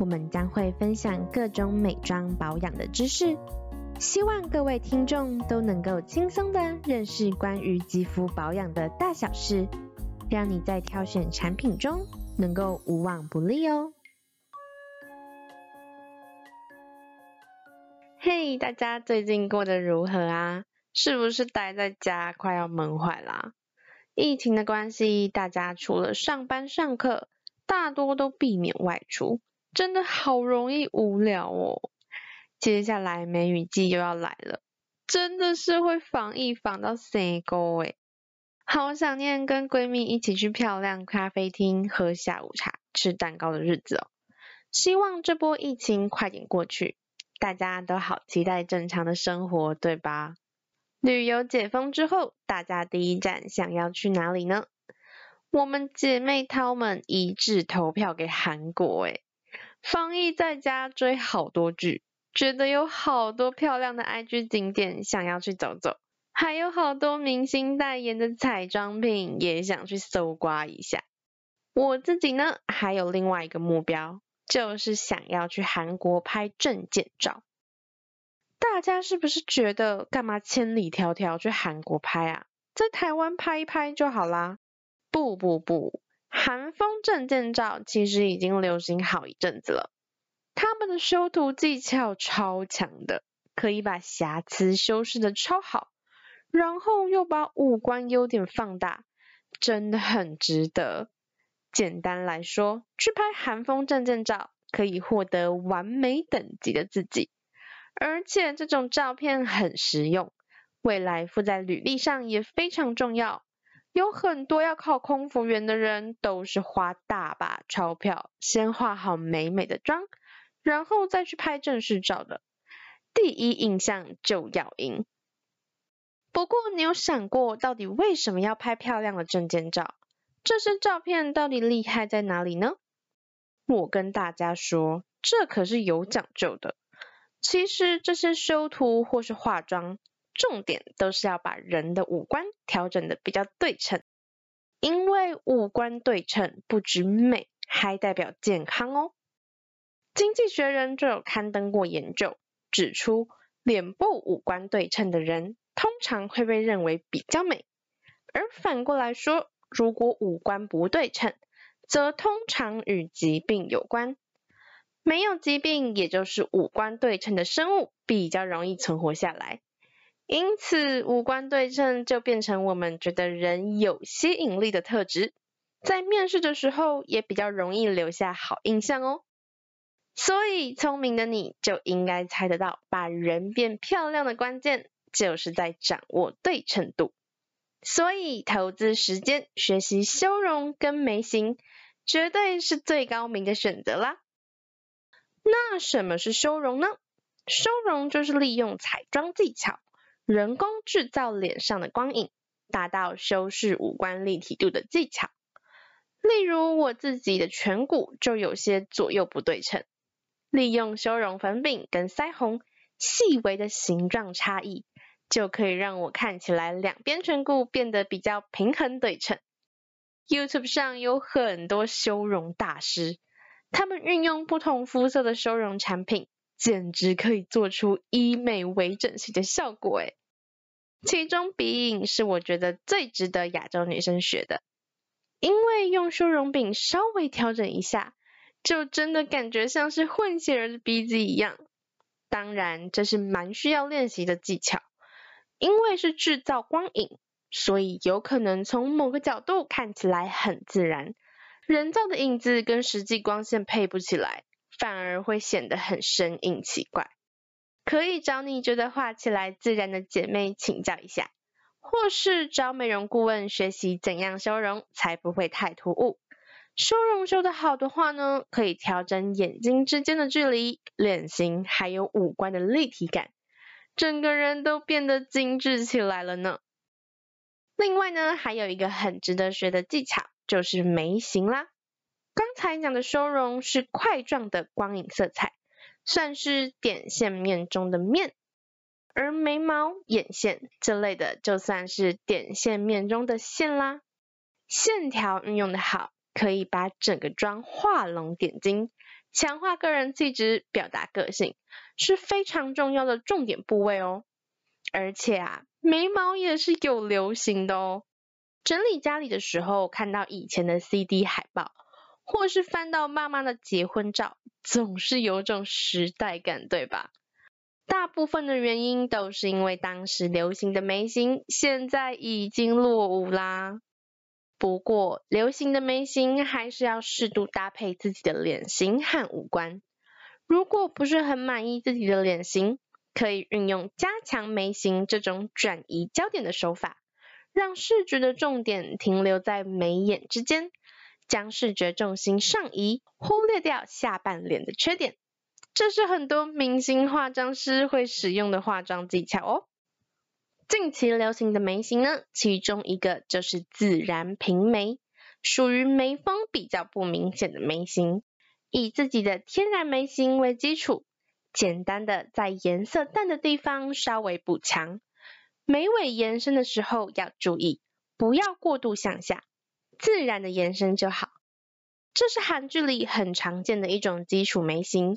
我們將會分享各種美妝保養的知識，希望各位聽眾都能夠輕鬆的認識關於肌膚保養的大小事，讓你在挑選產品中能夠無往不利哦。嘿，hey, 大家最近過得如何啊？是不是待在家快要悶壞啦？疫情的關係，大家除了上班上課，大多都避免外出。真的好容易無聊哦，接下來梅雨季又要來了，真的是會防疫防到死溝誒。好想念跟閨蜜一起去漂亮咖啡廳喝下午茶、吃蛋糕的日子哦。希望這波疫情快點過去，大家都好期待正常的生活，對吧？旅遊解封之後，大家第一站想要去哪裡呢？我們姐妹淘們一致投票給韓國誒。防疫在家追好多劇，覺得有好多漂亮的 IG 景點想要去走走，還有好多明星代言的彩妝品也想去搜刮一下。我自己呢，還有另外一個目標，就是想要去韓國拍證件照。大家是不是覺得幹嘛千里迢迢去韓國拍啊？在台灣拍一拍就好啦？不不不。韓風證件照其實已經流行好一陣子了，他們的修圖技巧超強的，可以把瑕疵修飾的超好，然後又把五官優點放大，真的很值得。簡單來說，去拍韓風證件照可以獲得完美等級的自己，而且這種照片很實用，未來附在履歷上也非常重要。有很多要靠空服員的人，都是花大把鈔票，先化好美美的妝，然後再去拍正式照的。第一印象就要贏。不過，你有想過，到底為什麼要拍漂亮的證件照？這些照片到底厲害在哪裡呢？我跟大家說，這可是有講究的。其實，這些修圖或是化妝，重點都是要把人的五官調整得比較對稱，因為五官對稱不止美，還代表健康哦。經濟學人就有刊登過研究，指出臉部五官對稱的人，通常會被認為比較美，而反過來說，如果五官不對稱，則通常與疾病有關。沒有疾病，也就是五官對稱的生物，比較容易存活下來。因此，五官對稱就變成我們覺得人有吸引力的特質，在面試的時候也比較容易留下好印象哦。所以，聰明的你就應該猜得到，把人變漂亮的關鍵就是在掌握對稱度。所以投，投資時間學習修容跟眉型，絕對是最高明的選擇啦。那什麼是修容呢？修容就是利用彩妝技巧。人工製造臉上的光影，達到修飾五官立體度的技巧。例如我自己的顴骨就有些左右不對稱，利用修容粉餅跟腮紅，細微的形狀差異，就可以讓我看起來兩邊顴骨變得比較平衡對稱。YouTube 上有很多修容大師，他們運用不同膚色的修容產品，簡直可以做出醫美微整形的效果耶。其中鼻影是我覺得最值得亞洲女生學的，因為用修容餅稍微調整一下，就真的感覺像是混血兒的鼻子一樣。當然，這是蠻需要練習的技巧，因為是制造光影，所以有可能從某個角度看起來很自然。人造的影子跟實際光線配不起來，反而會顯得很生硬奇怪。可以找你覺得畫起來自然的姐妹請教一下，或是找美容顧問學習怎樣修容才不會太突兀。修容修得好的話呢，可以調整眼睛之間的距離、臉型還有五官的立體感，整個人都變得精緻起來了呢。另外呢，還有一個很值得學的技巧，就是眉型啦。剛才講的修容是塊狀的光影色彩。算是點線面中的面，而眉毛、眼線這類的，就算是點線面中的線啦。線條運用得好，可以把整個妝畫龍點睛，強化個人氣質，表達個性，是非常重要的重點部位哦。而且啊，眉毛也是有流行的哦。整理家裡的時候，看到以前的 CD 海報。或是翻到媽媽的結婚照，總是有種時代感，對吧？大部分的原因都是因為當時流行的眉形現在已經落伍啦。不過，流行的眉形還是要適度搭配自己的臉型和五官。如果不是很滿意自己的臉型，可以運用加強眉形這種轉移焦點的手法，讓視覺的重點停留在眉眼之間。將視覺重心上移，忽略掉下半臉的缺點，這是很多明星化妝師會使用的化妝技巧哦。近期流行的眉型呢，其中一個就是自然平眉，屬於眉峰比較不明顯的眉型，以自己的天然眉型為基礎，簡單的在顏色淡的地方稍微補強，眉尾延伸的時候要注意，不要過度向下。自然的延伸就好，這是韓劇裡很常見的一種基礎眉型，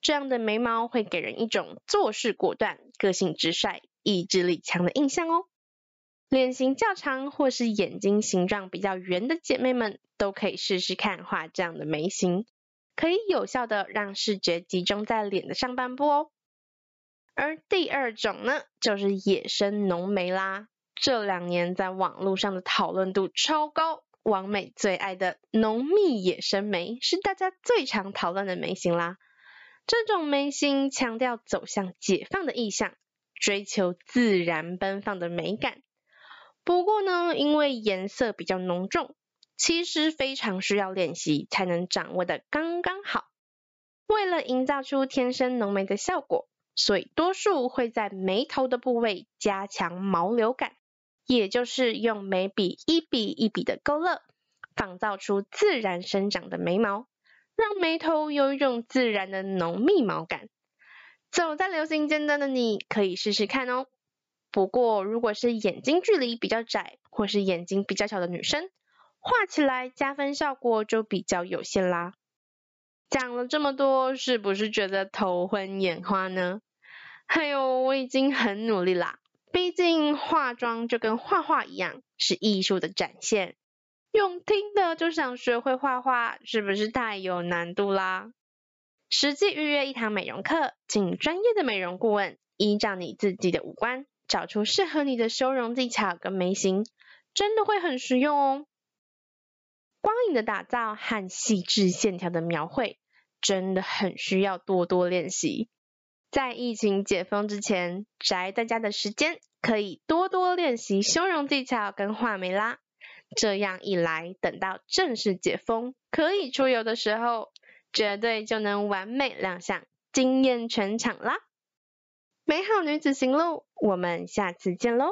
這樣的眉毛會給人一種做事果斷、個性直率、意志力強的印象哦。臉型較長或是眼睛形狀比較圓的姐妹們，都可以試試看畫這樣的眉型，可以有效的讓視覺集中在臉的上半部哦。而第二種呢，就是野生濃眉啦，這兩年在網絡上的討論度超高。王美最愛的濃密野生眉，是大家最常討論的眉型啦。這種眉型強調走向解放的意象，追求自然奔放的美感。不過呢，因為顏色比較濃重，其實非常需要練習才能掌握得剛剛好。為了營造出天生濃眉的效果，所以多數會在眉頭的部位加強毛流感。也就是用眉筆一筆一筆的勾勒，仿造出自然生長的眉毛，讓眉頭有一種自然的濃密毛感。走在流行尖端的你可以試試看哦。不過如果是眼睛距離比較窄或是眼睛比較小的女生，畫起來加分效果就比較有限啦。講了這麼多，是不是覺得頭昏眼花呢？哎呦，我已經很努力啦。畢竟化妝就跟畫畫一樣，是藝術的展現。用聽的就想學會畫畫，是不是太有難度啦？實際預約一堂美容課，請專業的美容顧問依照你自己的五官，找出適合你的修容技巧跟眉型，真的會很實用哦。光影的打造和細緻線條的描繪，真的很需要多多練習。在疫情解封之前，宅在家的時間可以多多練習修容技巧跟畫眉啦。這樣一來，等到正式解封可以出遊的時候，絕對就能完美亮相，驚艷全場啦！美好女子行路，我們下次見嘍！